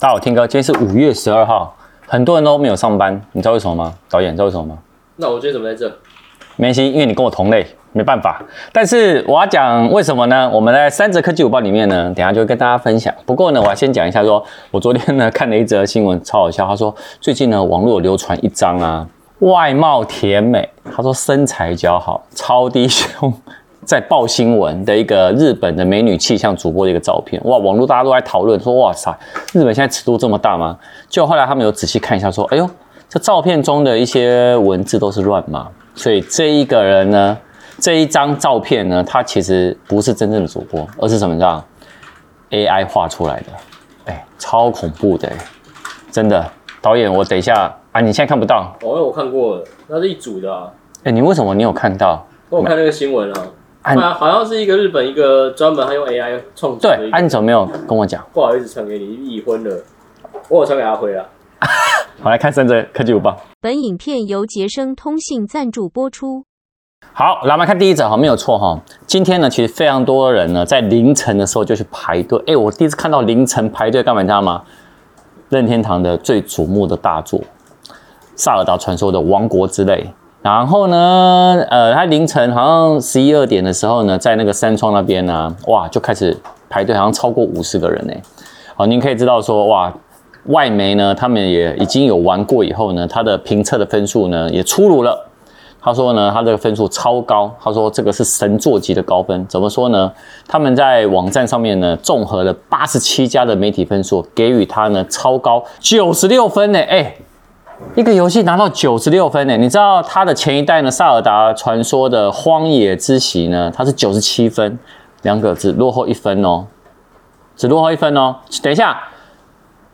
大家好，Tim 哥，今天是五月十二號，很多人都沒有上班，你知道為什麼嗎？導演，你知道為什麼嗎？那我今天怎麼在這？沒關係，因為你跟我同類，沒辦法。但是我要講為什麼呢？我們在 3C 科技午報裡面呢，等一下就會跟大家分享。不過呢，我要先講一下說，說我昨天呢看了一則新聞，超好笑。他說最近呢網絡流傳一張啊，外貌甜美，他說身材姣好，超低胸。在報新聞的一個日本的美女氣象主播的一個照片，哇！網絡大家都在討論說：“哇塞，日本現在尺度這麼大嗎？”就後來他們有仔細看一下，說：“哎呦，這照片中的一些文字都是亂碼，所以這一個人呢，這一張照片呢，他其實不是真正的主播，而是怎麼樣？AI 畫出來的，哎，超恐怖的、欸，真的！導演，我等一下啊，你現在看不到，哦，因為我看過了，那是一組的，哎，你為什麼你有看到？因為我看那個新聞啊。好像是一個日本一個專門還用 AI 創作，對，你怎麼沒有跟我講？不好意思，傳給你，已婚了。我有傳給阿輝啊。 好，來看三則科技午報。本影片由傑昇通信贊助播出。好，來，我們來看第一則，好，沒有錯哈。今天呢，其實非常多人呢在凌晨的時候就去排隊。哎、欸，我第一次看到凌晨排隊幹嘛，你知道嗎？任天堂的最矚目的大作《薩爾達傳說的王國之淚》。然後呢，呃，他凌晨好像十一二點的時候呢，在那個三創那邊呢，哇，就開始排隊，好像超過五十個人呢。好、啊，您可以知道說，哇，外媒呢，他們也已經有玩過以後呢，他的評測的分數呢也出爐了。他說呢，他這個分數超高，他說這個是神作級的高分。怎麼說呢？他們在網站上面呢，綜合了八十七家的媒體分數，給予他呢超高九十六分呢。哎、欸。一個遊戲拿到九十六分誒，你知道它的前一代呢《薩爾達傳說的荒野之息》呢，它是九十七分，兩個字落後一分哦、喔，只落後一分哦、喔。等一下，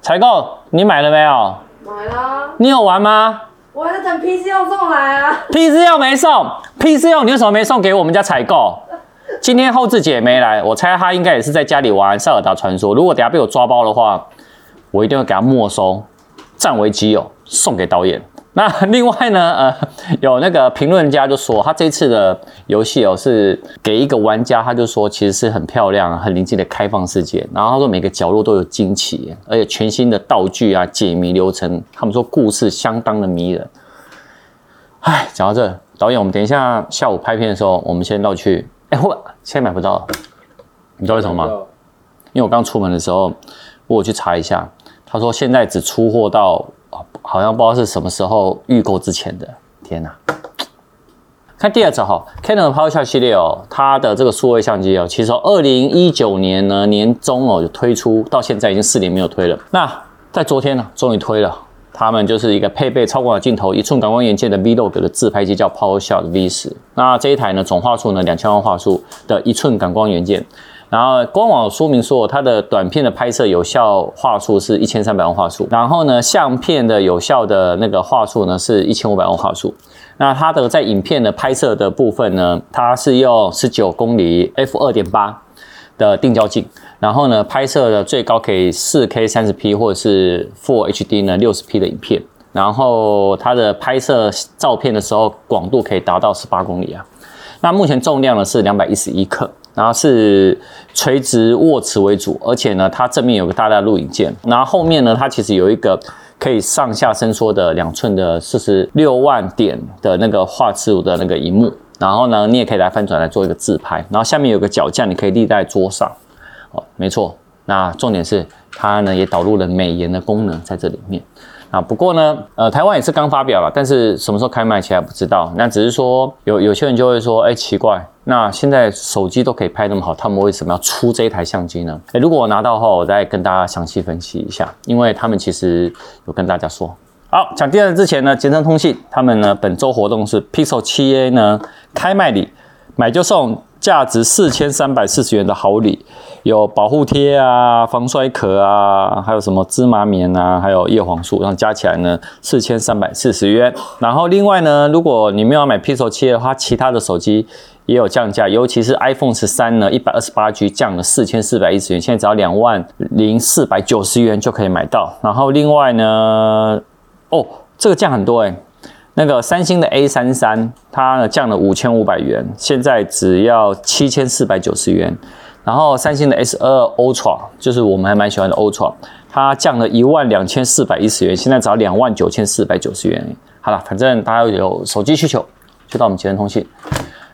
採購你買了沒有？買了、啊。你有玩嗎？我還在等 p c 用送來啊。p c 用沒送 p c 用你為什麼沒送給我們家採購？今天後製姐也沒來，我猜她應該也是在家裡玩《薩爾達傳說》。如果等下被我抓包的話，我一定會給她沒收，占為己有。送給導演。那另外呢？呃，有那個評論家就說，他這次的遊戲哦，是給一個玩家，他就說其實是很漂亮、很靈性的開放世界。然後他說每個角落都有驚奇，而且全新的道具啊、解謎流程，他們說故事相當的迷人。唉，講到這，導演，我們等一下下午拍片的時候，我們先到去。哎，我，現在買不到，你知道為什麼？嗎？因為我剛出門的時候，我有去查一下，他說現在只出貨到。好像不知道是什麼時候預購之前的。天哪，啊！看第二張哈，Canon PowerShot 系列哦，它的這個數位相機哦，其實二零一九年呢年中哦就推出，到現在已經四年沒有推了。那在昨天呢，終於推了，他們就是一個配備超廣角鏡頭、一寸感光元件的 Vlog 的自拍機，叫 PowerShot V 十。那這一台呢，總畫素呢兩千萬畫素的一寸感光元件。然後官網說明說，它的短片的拍攝有效畫素是一千三百萬畫素。然後呢，相片的有效的那個畫素呢是一千五百萬畫素。那它的在影片的拍攝的部分呢，它是用十九公里 f 二點八的定焦鏡，然後呢拍攝的最高可以四 k 三十 p 或者是 full hd 呢六十 p 的影片，然後它的拍攝照片的時候廣度可以達到十八公里啊。那目前重量呢是兩百一十一克。然後是垂直握持為主，而且呢，它正面有個大大的錄影鍵，然後後面呢，它其實有一個可以上下伸縮的兩寸的四十六萬點的那個畫質的那個熒幕，然後呢，你也可以來翻轉來做一個自拍，然後下面有個腳架，你可以立在桌上。哦，沒錯，那重點是它呢也導入了美顏的功能在這裡面。啊，不過呢，呃，台灣也是剛發表了，但是什麼時候開賣其實還不知道。那只是說有有些人就會說，哎、欸，奇怪，那現在手機都可以拍那麼好，他們為什麼要出這一台相機呢？哎、欸，如果我拿到的話，我再跟大家詳細分析一下，因為他們其實有跟大家說。好，講第二之前呢，捷成通信他們呢本周活動是 Pixel 7A 呢開賣禮，買就送。價值四千三百四十元的好禮，有保護貼啊、防摔殼啊，還有什麼芝麻棉啊，還有葉黃素，然後加起來呢，四千三百四十元。然後另外呢，如果你沒有買 Pixel 7的話，其他的手機也有降價，尤其是 iPhone 十三呢，一百二十八 G 降了四千四百一十元，現在只要兩萬零四百九十元就可以買到。然後另外呢，哦，這個降很多誒、欸。那個三星的 A 三三，它呢降了五千五百元，現在只要七千四百九十元。然後三星的 S 二 Ultra，就是我們還蠻喜歡的 Ultra，它降了一萬兩千四百一十元，現在只要兩萬九千四百九十元。好了，反正大家有手機需求，就到我們傑昇通信。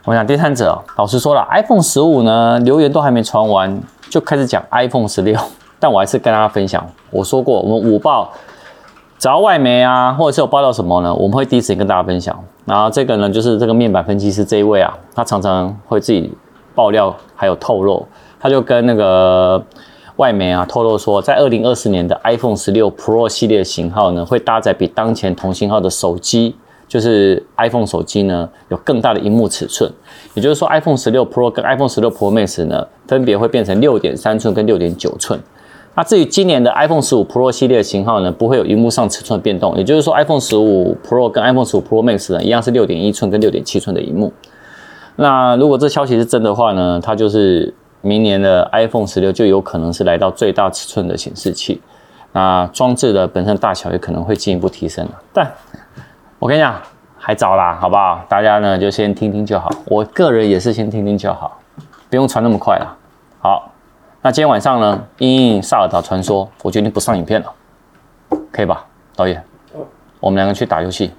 我們講第三者，老實說了，iPhone 十五呢，留言都還沒傳完，就開始講 iPhone 十六。但我還是跟大家分享，我說過，我們午報。只要外媒啊，或者是有爆料什麼呢，我們會第一時間跟大家分享。然後這個呢，就是這個面板分析師這一位啊，他常常會自己爆料，還有透露，他就跟那個外媒啊透露說，在二零二四年的 iPhone 十六 Pro 系列型號呢，會搭載比當前同型號的手機，就是 iPhone 手機呢，有更大的熒幕尺寸。也就是說，iPhone 十六 Pro 跟 iPhone 十六 Pro Max 呢，分別會變成六點三寸跟六點九寸。那至於今年的 iPhone 十五 Pro 系列型號呢，不會有熒幕上尺寸的變動，也就是說 iPhone 十五 Pro 跟 iPhone 十五 Pro Max 呢，一樣是六點一寸跟六點七寸的熒幕。那如果這消息是真的話呢，它就是明年的 iPhone 十六就有可能是來到最大尺寸的顯示器，那裝置的本身大小也可能會進一步提升了。但我跟你講，還早啦，好不好？大家呢就先聽聽就好，我個人也是先聽聽就好，不用傳那麼快啦。好。那今天晚上呢，《因應薩爾達傳說》，我決定不上影片了，可以吧？導演，我們兩個去打遊戲。